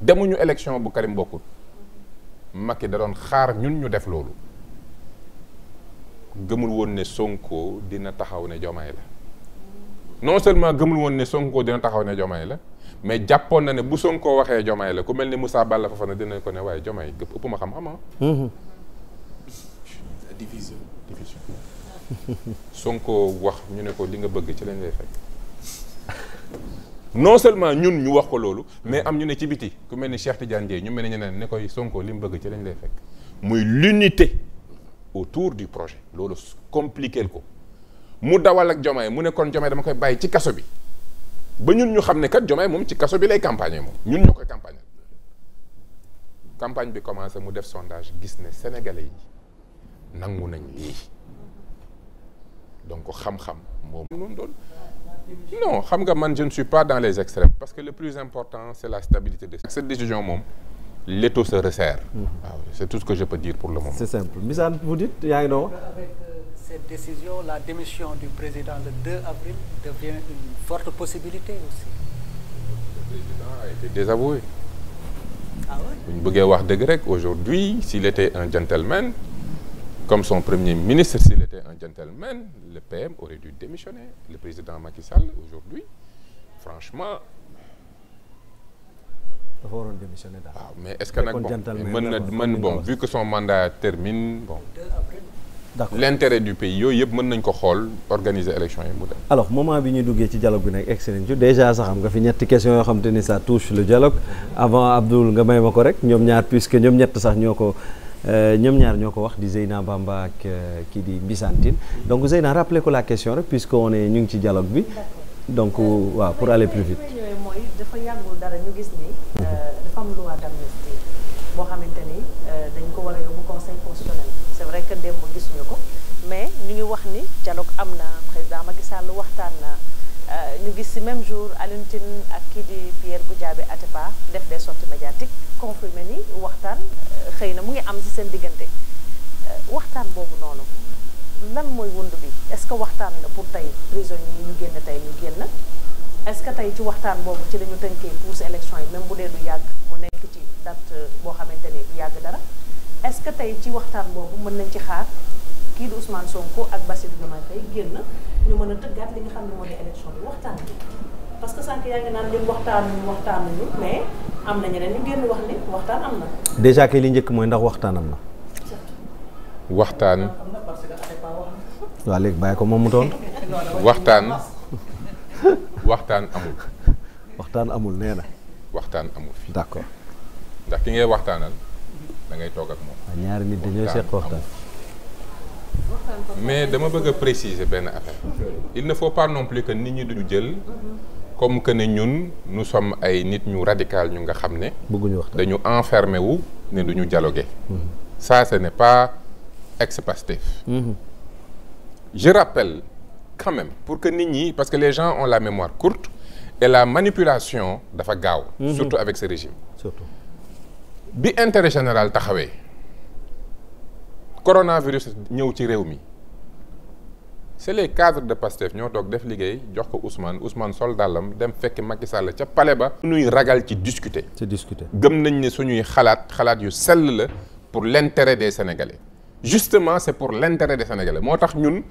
demuñu élection bu Karim bokkul Macky da doon xaar ñun ñu def loolu gëmul woon ne Sonko dina taxaw ne jomay la non seulement gëmul woon ne sonkoo dina taxaw ne Diomaye la mais jàppoon na ne bu sonkoo waxee Diomaye la ku mel ni Moussa Balla Fofana dina ko ne waaye Diomaye gëpp ëpp ma xam ama ah. mhm. division division wax ñu ne ko li nga bëgg ci lañ lay fekk non seulement ñun ñu wax ko loolu mais am ñu ne ci biti ku mel ni Cheikh Tidiane Dièye ñu mel ni ñeneen ne koy Sonko li mu bëgg ci lañ lay fekk muy l'unité autour du projet loolu compliqué ko mu dawal ak Diomaye mu ne kon Diomaye dama koy bàyyi ci kaso bi ba ñun ñu xam ne kat Diomaye moom ci kaso bi lay campagne moom ñun ñoo koy campagne campagne bi commencé mu def sondage gis ne sénégale yi nangu nañ lii donc xam-xam moom noonu doon non xam nga man je ne suis pas dans les extrêmes parce que le plus important c'est la stabilité de cette décision moom l'étau se resserre mm-hmm. ah c'est tout ce que je peux dire pour le moment c'est simple Mbissane vous dites yaa ngi doon euh, la démission du président le 2 avril devient une forte possibilité ah wax dëgg rek aujourd'hui s'il était un gentleman comme son premier ministre, s'il était un gentleman, le PM aurait dû démissionner. Le président Macky Sall, aujourd'hui, franchement. dafa waroon démissionner daal. waaw mais est-ce que nag bon mën na mën bon vu que son mandat termine bon. d'accord l'intérêt du pays yooyu yëpp mën nañ ko xool organiser élection yi mu dem. alors moment bi ñuy duggee ci dialogue bi nag excellent ci déjà sax xam nga fi ñetti question yoo xam te ni ça touche le dialogue avant Abdoul nga may ma ko rek ñoom ñaar puisque ñoom ñett sax ñoo ko. Euh, ñoom ñaar ñoo ko wax di Zeyna Bamba ak euh, kii di Mbissantine donc Zeyna rappelé ko la question rek puisque on ñu ngi ci dialogue bi donc euh, waaw pour aller plus vite mooy dafa yàggul dara ñu gis ni dafa am loi d'amnistie boo xamante ni dañ ko war a conseil constitutionnel c'est vrai que démb gisuñu ko mais ñu ngi wax ni dialogue am na président Macky Sall waxtaan na ñu gis ci même jour Alioune ak kii di Pierre Goudiaby Atepa def des sorties médiatiques confirmé ni waxtaan euh, xëy na mu ngi am ci seen diggante euh, waxtaan boobu noonu lan mooy wund bi est-ce que waxtaan la pour tey prisonniers yi ñu génn tey ñu génn est-ce que tey ci waxtaan boobu ci la ñu tënkee pour ces élections yi même bu dee du yàgg mu nekk ci date euh, boo xamante ne yàgg dara est-ce que tey ci waxtaan boobu mën nañ ci xaar kii di Ousmane Sonko ak Bassirou Diomaye Faye génn. ñu li nga xam ne moo di élection bi waxtaan bi parce yaa ngi naan ñun waxtaanuñu waxtaanuñu mais am na ñeneen ñu génn wax ne waxtaan am na. déjà kay li njëkk mooy ndax waxtaan am na. waxtaan. waaw léegi bàyyi ko moom mu tontu. waxtaan waxtaan amul. waxtaan amul nee na. waxtaan amul. d'accord. ndax ki ngay waxtaanal da ngay toog moom. ñaari nit dañoo seq waxtaan. mais dama bëgg a préciser benn affaire il ne faut pas non plus que nit ñi duñu jël comme que ne ñun nu sommes ay nit ñu radical ñu nga xam ne bëgguñu wax dañu enfermé wu ne du ñu jaloge mm-hmm. ça ce n'est pas ex-Pastef mm-hmm. je rappelle quand même pour que nit ñi parce que les gens ont la mémoire courte et la manipulation dafa gaaw mm-hmm. surtout avec ce régime surtout bi intérêt général taxawee coronavirus ñëw ci réew mi c'est les cadres de Pastef ñoo toog def liggéey jox ko Ousmane Ousmane sol dàllam dem fekk Macky Sall ca palais ba. nuy ragal ci discuter. ci discuter gëm nañ ne suñuy xalaat xalaat yu sell la pour l'intérêt des Sénégalais. justement c'est pour l'intérêt des Sénégalais moo tax ñun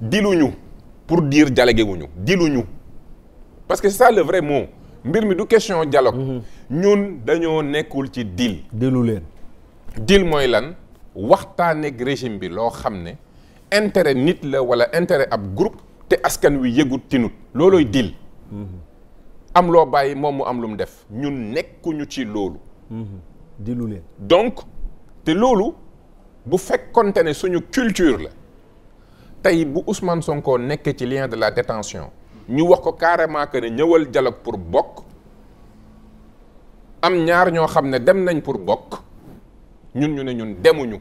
diluñu pour diir dialogue wuñu diluñu parce que c'est ça le vrai mot mbir mi du question dialogue mm-hmm. ñun dañoo nekkul ci deal. dilu leen. deal mooy lan. waxtaaneeg régime bi loo xam ne intérêt nit la wala intérêt ab groupe te askan wi yëgut tinut loolooy dil mhm. am loo bàyyi moom mu am lu mu def ñun nekkuñu ci loolu mhm. dilu leen donc te loolu bu fekkonte ne suñu culture la tey bu Ousmane Sonko nekkee ci lien de la détention ñu wax ko carrément que ne ñëwal dialogue pour bokk am ñaar ñoo xam ne dem nañ pour bokk ñun ñu ne ñun demuñu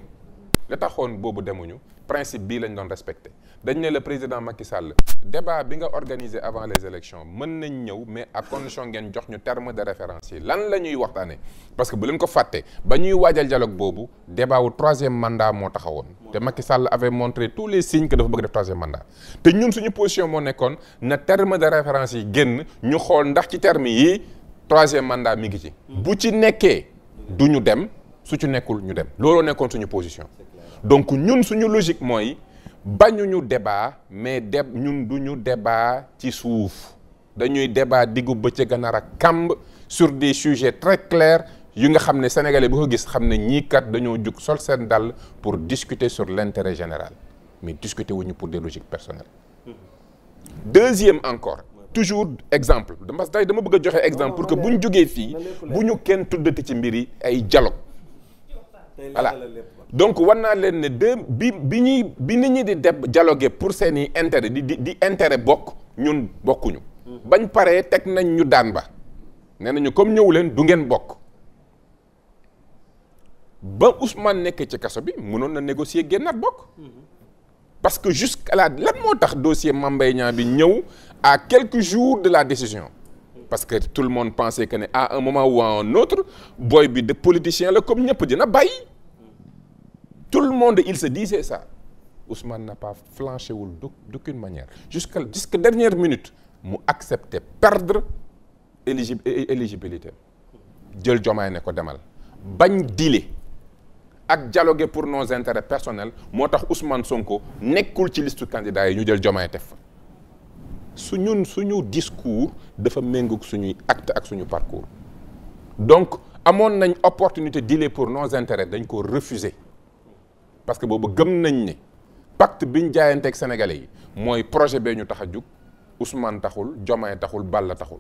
li taxoon boobu demuñu principe bii lañ doon respecté dañ ne la président Macky Sall débat bi nga organisé avant les élections mën nañ ñëw mais à condition ngeen jox ñu terme de référence yi lan la ñuy waxtaane parce que bu leen ko fàtte ba ñuy waajal dialogue boobu débat wu troisième mandat moo taxawoon te Macky Sall avait montré tous les signes que dafa bëgg def troisième mandat te ñun suñu position moo nekkoon na terme de référence yi génn ñu xool ndax ci terme yi troisième mandat mi ngi ci bu ci nekkee duñu dem su ci nekkul ñu dem looloo nekkoon suñu position donc ñun suñu logique mooy bañuñu débat mais deb ñun duñu débat ci suuf dañuy débat diggu bëccëg a nar a kàmb sur des sujets très clairs yu nga xam ne sénégale bu ko gis xam ne ñii kat dañoo jug sol seen dàll pour discuter sur l'intérêt général mais discuter wuñu pour des logiques personnelles deuxième encore toujours exemple parce que dama bëgg a joxe exemple pour que bu ñu jógee fii bu ñu kenn tuddat ci mbir yi ay dialogue voilà donc war naa leen ne de bi bi ñuy bi nit ñi di deb jaloge pour seen i intérêt di di di bokk ñun bokkuñu. Mhm. bañ paree teg nañ ñu daan ba nee nañu comme ñëw leen du ngeen bokk ba Ousmane nekk ci kaso bi munoon na négocier génnaat bokk. Mhm. parce que jusqu'à la lan moo tax dossier Mame Mbaye bi ñëw à quelque jour de la décision. parce que tout le monde pensait que ne à un moment ou à un autre booy bi de politicien la comme ñëpp dina bàyyi tout le monde il se disait ça Ousmane n'a pas flanché wul d'aucune manière jusqu'à jusqu'à dernière minute mu accepté perdre éligi éligibilité jël jomaay ne ko demal bañ dile ak dialoguer pour nos intérêts personnels moo tax Ousmane Sonko nekkul ci liste candidat yi ñu jël jomaay tef fa su ñun suñu discours dafa méngoog suñuy act ak suñu parcours donc amoon nañ opportunité dile pour nos intérêts dañ ko refuser parce que boobu gëm nañ ni pacte biñ jaayanteeg sénégalais yi mooy projet bee ñu tax a jug Ousmane taxul Diomaye taxul Balla taxul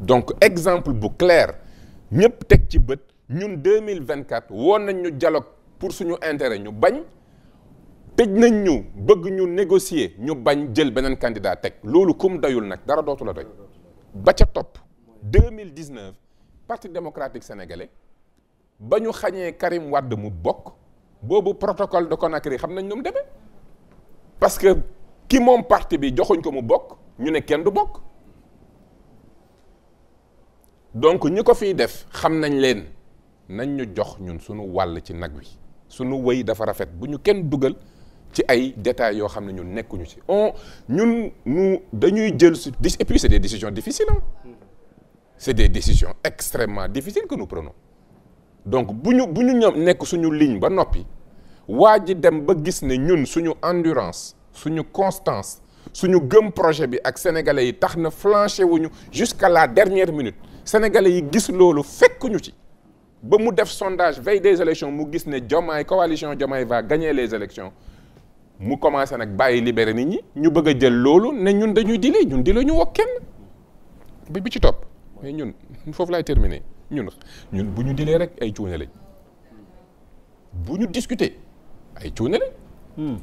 donc exemple bu clair ñëpp teg ci bët ñun 2024 woon nañ ñu dialogue pour suñu intérêt ñu bañ tëj nañ ñu bëgg ñu négocier ñu bañ jël beneen candidat teg loolu kum doyul nag dara dootu la doy ba ca topp 2019 parti démocratique sénégalais ba ñu xañee Karim Wade mu bokk boobu protocole de Conakry xam nañ nu mu demee parce que ki moom parti bi joxuñ ko mu bokk ñu ne kenn du bokk donc ñu ko fiy def xam nañ leen nañ ñu jox ñun suñu wàll ci nag wi suñu wëy dafa rafet bu ñu kenn dugal ci ay détails yoo xam ne ñun nekkuñu ci on ñun ñu dañuy jël su et puis c'est des décisions difficiles ah. c'est des décisions extrêmement difficiles que nous prenons donc bu ñu bu ñu ñoom nekk suñu ligne ba noppi waa ji dem ba gis ne ñun suñu endurance suñu constance suñu gëm projet bi ak sénégalais yi tax na flanché wuñu jusqu'à la dernière minute sénégalais yi gis loolu fekkuñu ci. ba mu def sondage veille des élections mu gis ne Diomaye coalition Diomaye va gagner les élections mu commencé nag bàyyi libéré nit ñi ñu bëgg a jël loolu ne ñun dañuy dile ñun dile ñu wok kenn bi bi ci topp mais ñun foofu laay terminer ñun ñun bu ñu dilee rek ay cuune lañ bu ñu discuter ay cuune lañ hmm.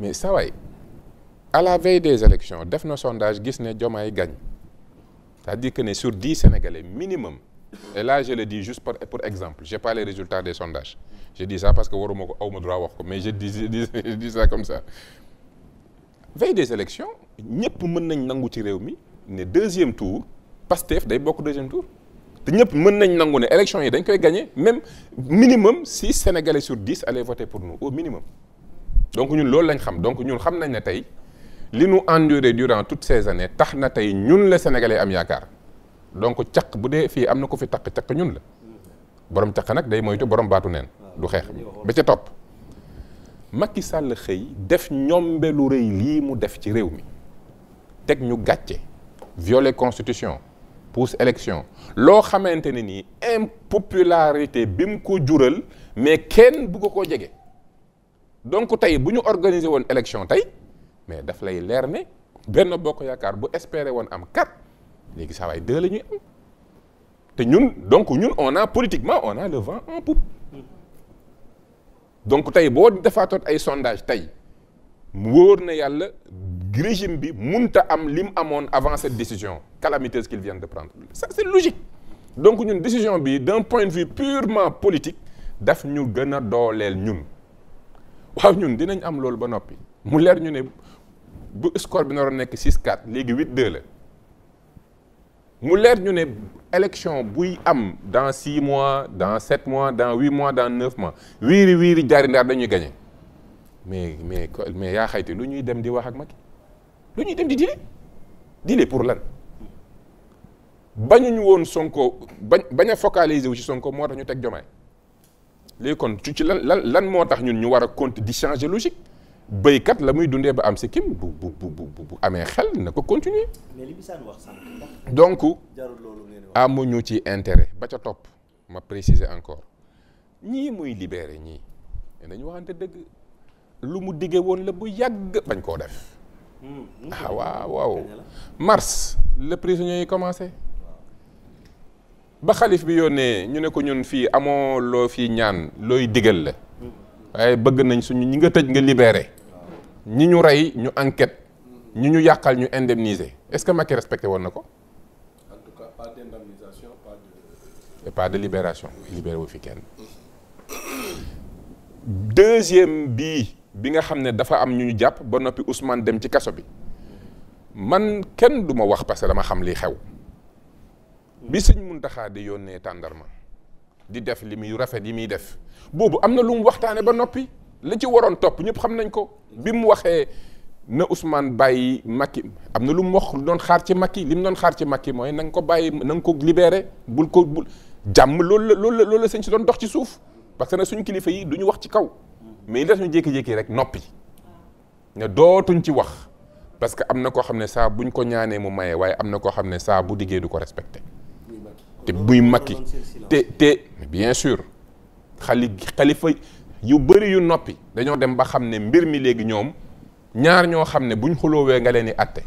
mais saa waay à la veille des élections def na sondage gis ne Diomaye ay c'est-à-dire que ne sur di Sénégalais minimum et là je le dis juste pour, exemple j'ai pas les résultats des sondages je dis ça parce que waruma ko awma droit wax ko mais je dis je dis, je dis comme ça veille des élections ñëpp mën nañ nangu ci réew mi ne deuxième tour Pastef day bokk deuxième tour te ñëpp mën nañ nangu ne élection yi dañ koy gagné même minimum si sénégalais sur dix allaient voter pour nous au minimum donc ñun loolu lañ xam donc ñun xam nañ ne tey li ñu enduré durant toutes ces années tax na tey ñun la sénégalais am yaakaar donc caq bu dee fii am na ko fi takk caq ñun la borom caq nag day moytu borom baatu neen du xeex ba ca topp Macky Sall xëy def ñombe lu rëy lii mu def ci réew mi teg ñu gàcce violer constitution pousse élection loo xamante ne nii impopularité bi mu ko jural mais kenn bu ko koo jege donc tey bu ñu organiser woon élection tey mais daf lay leer ne benn bokk yaakaar bu espérer woon am kat léegi saa waay deux ñuy am te ñun donc ñun on a politiquement on a le vent en poupe donc tey boo defaatoon ay sondage tey wóor na yàlla régime bi munta am li mu amoon avant cette décision calamiteuse qu'ils viennent de prendre ça c'est logique donc ñun décision bi d'un point de vue purement politique daf ñu gën a dooleel ñun waaw ñun dinañ am loolu ba noppi mu leer ñu ne bu score bi naroon nekk 6-4 léegi 8-2 la mu leer ñu ne élection buy am dans six mois dans sept mois dans huit mois dans neuf mois wiiri wiiri jaari ndaar dañuy gagné mais mais mais yaa xayti lu ñuy dem di wax ak Macky lu ñuy dem di dile dile pour lan ñu woon Sonko ba bañ a focaliser wu ci Sonko moo tax ñu teg Diomaye léegi kon ci lan lan lan moo tax ñun ñu war a compte di changer logique béykat la muy dundee ba am si kim bu bu bu bu amee xel na ko continuer. mais li Bisaan wax sànq. donc amuñu ci intérêt ba ca topp ma préciser encore ñii muy libéré ñii dañu waxante dëgg lu mu diggee woon la bu yàgg bañ koo def. Hmm, ah waaw waaw mars le prisonnier yi commencé. ba xalif bi yónnee ñu ne ko ñun fii amoo loo fii ñaan looy digal la. Hmm. waaye bëgg nañ suñu ñi nga tëj nga libéré ñi ñu rey ñu enquête ñi ñu yàqal ñu indemniser est-ce que Macky respecté woon na ko. en pas de. et pas libération libéré wu fi kenn. deuxième bii bi nga xam ne dafa am ñu ñu jàpp ba noppi Ousmane dem ci kaso bi man kenn du ma wax parce que dama xam li xew. bi sëñ Muntaxa di yónnee tàndarma di def li muy rafet yi muy def boobu am na lu mu waxtaane ba noppi li ci waroon topp ñëpp xam nañ ko. bi mu waxee na Ousmane bàyyi Macky am na lu mu wax doon xaar ci Macky li mu doon xaar ci Macky mooy na nga ko bàyyi na nga ko libéré bul ko bul jàmm loolu la loolu la loolu la si doon dox ci suuf parce que nag suñ kilifa yi du ñu wax ci kaw mais li tax ñu jékki-jékki rek noppi ne dootuñ ci wax parce que am na koo xam ne saa buñ ko ñaanee mu maye waaye am na koo xam ne saa bu diggee du ko respecté te buy Macky te te bien sûr xali xalifa yu bëri yu noppi dañoo dem ba xam ne mbir mi léegi ñoom ñaar ñoo xam ne buñ xuloowee nga leen di atte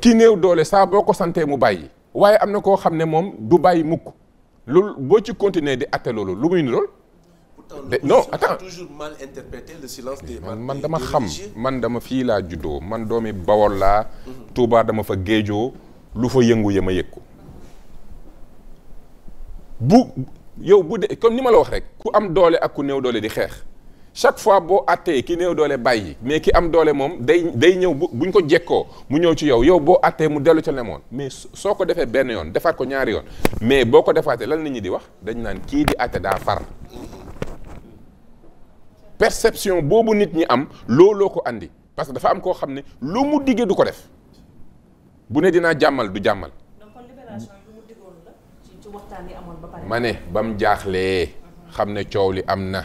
ki néew doole saa boo ko santee mu bàyyi waaye am na koo xam ne moom du bàyyi mukk loolu boo ci continuer di atte loolu lu muy lool. non attends toujours mal interprété le silence des man dama xam man dama fii laa juddoo man doomi Bawol laa mhm. Tuubaa dama fa géejoo lu fa yëngu ya ma yëg ko bu yow bu de comme ni ma la wax rek ku am doole ak ku néew doole di xeex chaque fois boo àttee ki new doole bàyyi mais ki am doole moom day day ñëw bu buñ ko jekkoo mu ñëw ci yow yow boo àttee mu dellu ca lemoon mais soo ko defee benn yoon defaat ko ñaari yoon mais boo ko defaatee lan na ñi di wax dañ naan kii di àtte daa far perception boobu nit ñi am looloo ko indi parce que dafa am koo xam ne lu mu diggee du ko def bu ne dinaa jàmmal du jàmmal ma ne ba mu jaaxlee xam ne coow li am na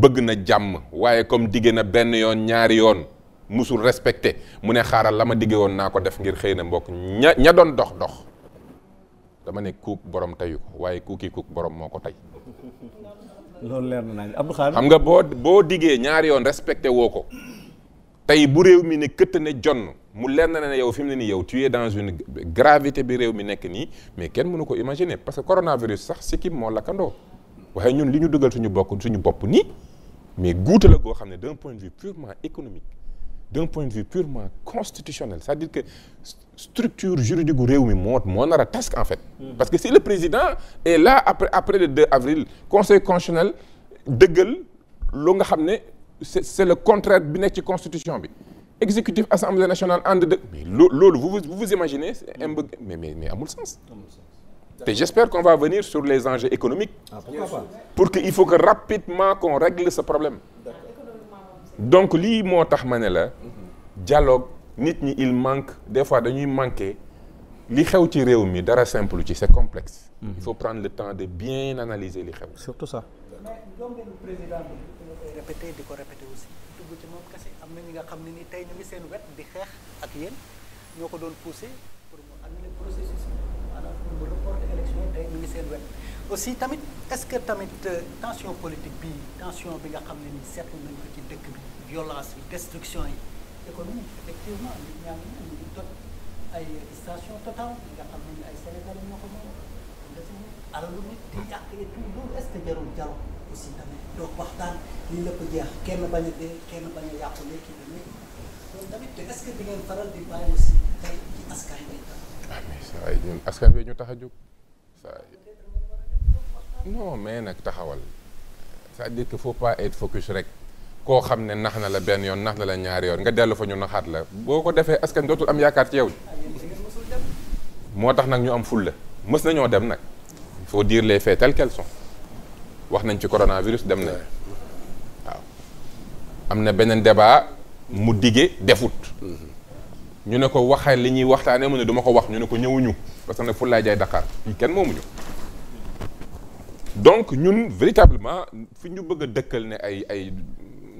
bëgg na jàmm waaye comme digge na benn yoon ñaari yoon musul respecté mu ne xaaral la ma digge woon naa ko def ngir xëy na mbokk ña ña doon dox dox dama ne kuuk borom teyu ko waaye kuuki kuuk borom moo ko tey loolu leer na naa Abdou xam nga boo boo diggee ñaari yoon respecté woo ko tey bu réew mi ne këtt ne jonn mu leer na ne yow fi mu ne nii yow tu es dans une gravité bi réew mi nekk nii mais kenn mënu ko imaginer parce que coronavirus sax sikkim moo lakkandoo waaye ñun li ñu dugal suñu bokk suñu bopp nii mais guute la goo xam ne d'un point de vue purement économique d'un point de vue purement constitutionnel c'est-à-dire que structure juridique gu réew mi moo moo nara a en fait. Mm-hmm. parce que si le président est là après après le 2 avril conseil constitutionnel dëggal lu nga xam ne c'est c'est le contraire bi nekk ci constitution bi. exécutif assemblée nationale ànd de. mais loolu vous vous vous imaginez imbë mais mais mais amul sens. te j'espère qu'on va venir sur les enjeux économiques. Ah, pour que il faut que rapidement qu'on règle ce problème. donc lii moo tax ma ne la. dialogue nit ñi il manque des fois dañuy manquer li xew ci réew mi dara simple ci c'est complexe. Mhm. il faut prendre le temps de bien analyser li xew. surtout ça. du ci am na ñi nga xam ne ni tey ñu ngi seen wet di xeex ak yéen ñoo ko doon poussé pour mu annuler processus maanaam pour mu reporter élection tey ñu ngi seen wet aussi tamit est-ce que tamit euh, tension politique bi tension bi nga xam ne ni seetlu nañ ko ci dëkk bi violence bi destruction yi économie effectivement nit ñaa ngi ñu ngi ay station Total yi nga xam ne ni ay Sénégalais ñoo ko moom alalu nit di yàq et loolu est jarul jarul aussi tamit ñun askan bi ñu tax a jóg saa yi non mais nag taxawal c'est-à-dire que faut focus rek. koo xam ne nax na la benn yoon nax na la ñaari yoon nga dellu fa ñu naxaat la boo ko defee askan dootul am yaakaar ci yow moo tax nag ñu am fulla mës nañoo dem nag foo faut dire les faits tels wax nañ ci coronavirus dem nañ waaw am na beneen débat mu dige defut ñu ne ko waxee li ñuy waxtaanee mu ne duma ko wax ñu ne ko ñëwuñu parce que nag fu laay jaay Dakar kenn moomuñu donc ñun véritablement fi ñu bëgg a dëkkal ne ay ay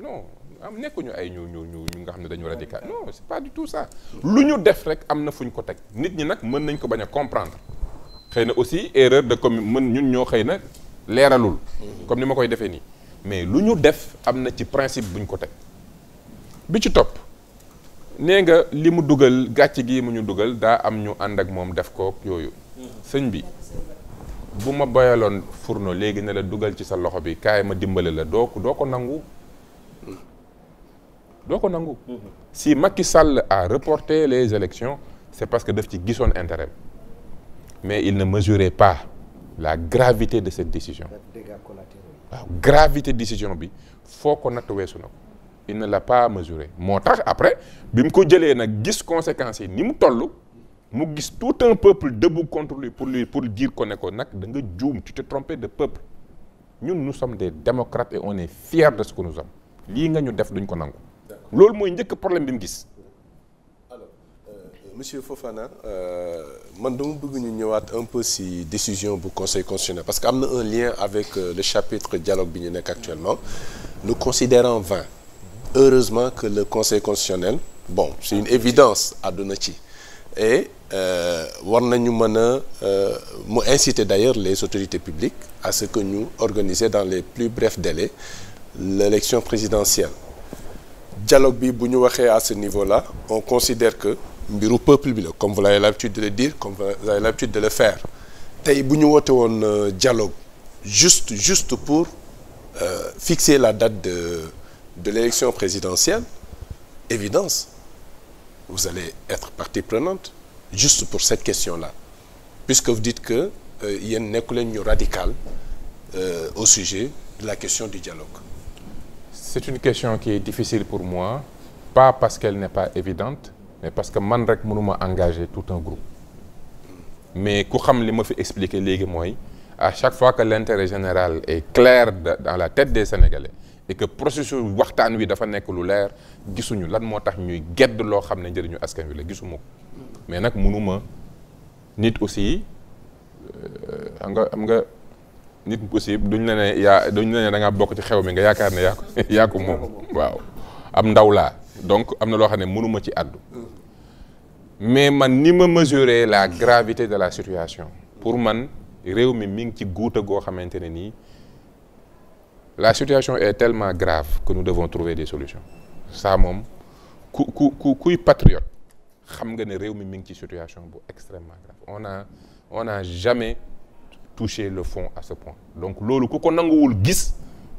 non am nekkuñu ay ñu ñu ñu ñu nga xam ne dañu radical non c'est pas du tout ça lu ñu def rek am na fuñ ko teg nit ñi nag mën nañ ko bañ a comprendre xëy na aussi erreur de commun mën ñun ñoo xëy na leeralul. comme ni ma koy defee nii. mais lu ñu def am na ci principe buñ ko teg bi ci topp nee nga li mu dugal gàcc gii mu ñu dugal daa am ñu ànd ak moom def ko yooyu. sëñ bi bu ma boyaloon fourneau léegi ne la dugal ci sa loxo bi kaay ma dimbale la doo ko doo ko nangu. doo ko nangu. si Macky Sall a reporter les élections c'est parce que daf ci gisoon intérêt mais il ne mesurait pas. la gravité de cette décision waaw gravité décision bi foo ko natt weesu na ko il ne l'a pas mesuré moo tax après bi mu ko jëlee nag gis conséquence yi ni mu toll mu gis tout un peuple de contre lui pour lui pour dire ko ne ko nag da nga juum tu te trompé de peuple ñun nous sommes des démocrates et on est fiers de ce que nous lii nga ñu def duñ ko nangu loolu mooy njëkk problème bi mu gis monsieur Fofana euh, man dama bëgg ñu ñëwaat un peu si décision bu conseil constitutionnel parce que am na un lien avec euh, le chapitre dialogue bi ñu nekk actuellement nous considérons vain heureusement que le conseil constitutionnel bon c'est une évidence àdduna ci et euh, war nañu mën a mu inciter d'ailleurs les autorités publiques à ce que ñu organiser dans les plus brefs délais l'élection présidentielle dialogue bi bu ñu waxee à ce niveau-là on considère que mbiru peuple bi la comme vous avez l'habitude de le dire comme vous avez l'habitude de le faire tey bu ñu woote woon euh, dialogue juste juste pour euh, fixer la date de de l'élection présidentielle évidence vous allez être partie prenante juste pour cette question-là puisque vous dites que euh, yéen nekku leen ñu radicale euh, au sujet de la question du dialogue c'est une question qui est difficile pour moi pas parce qu'elle n'est pas évidente mais parce que man rek mënuma engager tout un groupe mais ku xam li ma fi expliquer léegi mooy à chaque fois que l'intérêt général est clair dans la tête des Sénégalais et que processus waxtaan wi dafa nekk lu leer gisuñu lan moo tax ñuy gedd loo xam ne njëriñu askan wi la gisuma mais nag mënuma nit aussi euh, xam nga xam nga nit aussi duñ la ne yaa duñ la ne da ngaa bokk ci xew mi nga yaakaar ne yaa ko yaa ko moom waaw am ndaw laa donc am na loo xam ne mënuma ci àddu mais man ni ma mesurer la gravité de la situation pour man réew mi mi ngi ci guuta goo xamante ne nii la situation est tellement grave que nous devons trouver des solution ça moom ku ku ku kuy patriote xam nga ne réew mi mi ngi ci situation bu extrêmement grave on a on a jamais touché le fond à ce point donc loolu ku ko nanguwul gis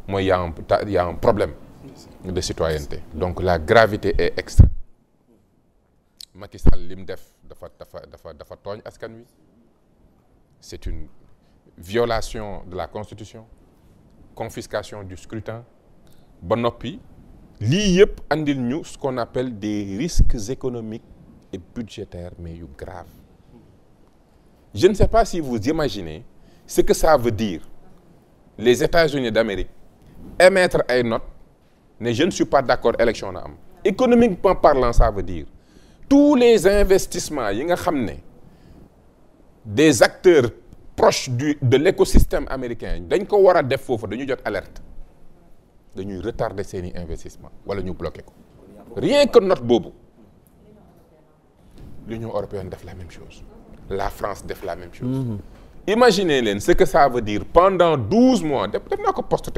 mooy y a un y a problème de citoyenneté donc la gravité est extrême Macky Sall def dafa dafa dafa dafa tooñ askan wi c'est une violation de la constitution confiscation du scrutin ba noppi lii yëpp andil ñu ce qu'on appelle des risques économiques et budgétaires mais yu grave je ne sais pas si vous imaginez ce que ça veut dire les États-Unis d'Amérique émettre ay not ne je ne suis pas d'accord élection na am économiquement parlant ça veut dire tous les investissements yi nga xam ne des acteurs proches du de l'écosystème américain dañ ko war a def foofu dañuy jot alerte dañuy retarder seeni investissement wala ñu bloquer ko rien que note boobu l'Union européenne def la même chose la France def la même chose. Mmh. leen ce que ça veut dire pendant douze mois def def naa ko poste